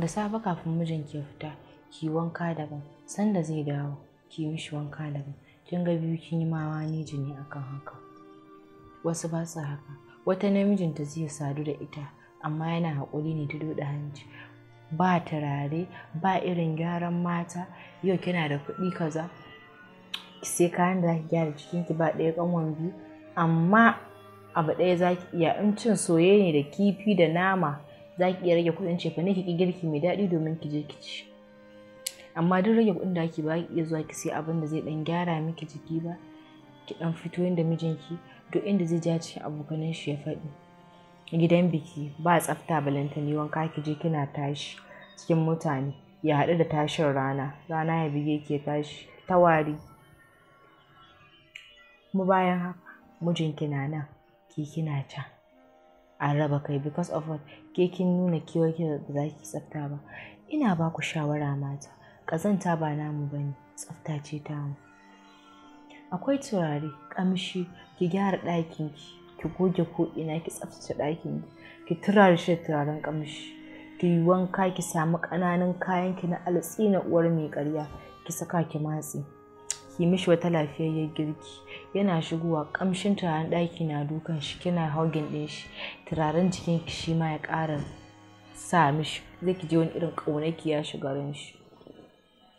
da safe kafin mijin ke fita ki wanka daban sanda zai dawo ki mishi wanka daban kin ga biyu kin yi mawa ne jini akan haka wasu ba su haka wata namijinta zai sadu da ita amma yana haƙuri ne ta doda hanci ba turare ba irin gyaran mata yau kina da kuɗi kaza sai kayan da zaki gyara ki ba ɗaya ƙanwan biyu amma abu ɗaya zaki iya in cin soyayya ne da kifi da nama za ki iya rage kuɗin cefane ki girki mai daɗi domin ki je ki ci amma duk rage kuɗin da ake ba ki iya zuwa ki sai abin da zai ɗan gyara miki jiki ba ki ɗan fito yadda mijinki duk inda zai ja cikin abokanan shi ya faɗi gidan biki ba tsafta balantane wanka ki je kina tashi cikin mutane ya haɗu da tashin rana rana ya bige ke tashi ta wari mu bayan haka mijinki na nan ki kina can an raba kai because of what ke kin nuna kiyoyi da za ki tsafta ba ina ba ku shawara mata ƙazanta ba namu ba ne tsafta ce ta mu akwai turare ƙamshi ki gyara ɗakin ki ki goge ko ina ki tsaftace ɗakin ki ki turare shi turaren ƙamshi ki yi wanka ki samu ƙananan kayan ki na alatsi na uwar mai ƙarya ki saka ki matse. ki mishi wata lafiyayyar girki yana shigowa kamshin turaren daki na dukan shi kina haugin din shi turaren jikin ki shi ma ya ƙara sa mishi zai ki je wani irin ƙaunaki ya shiga shi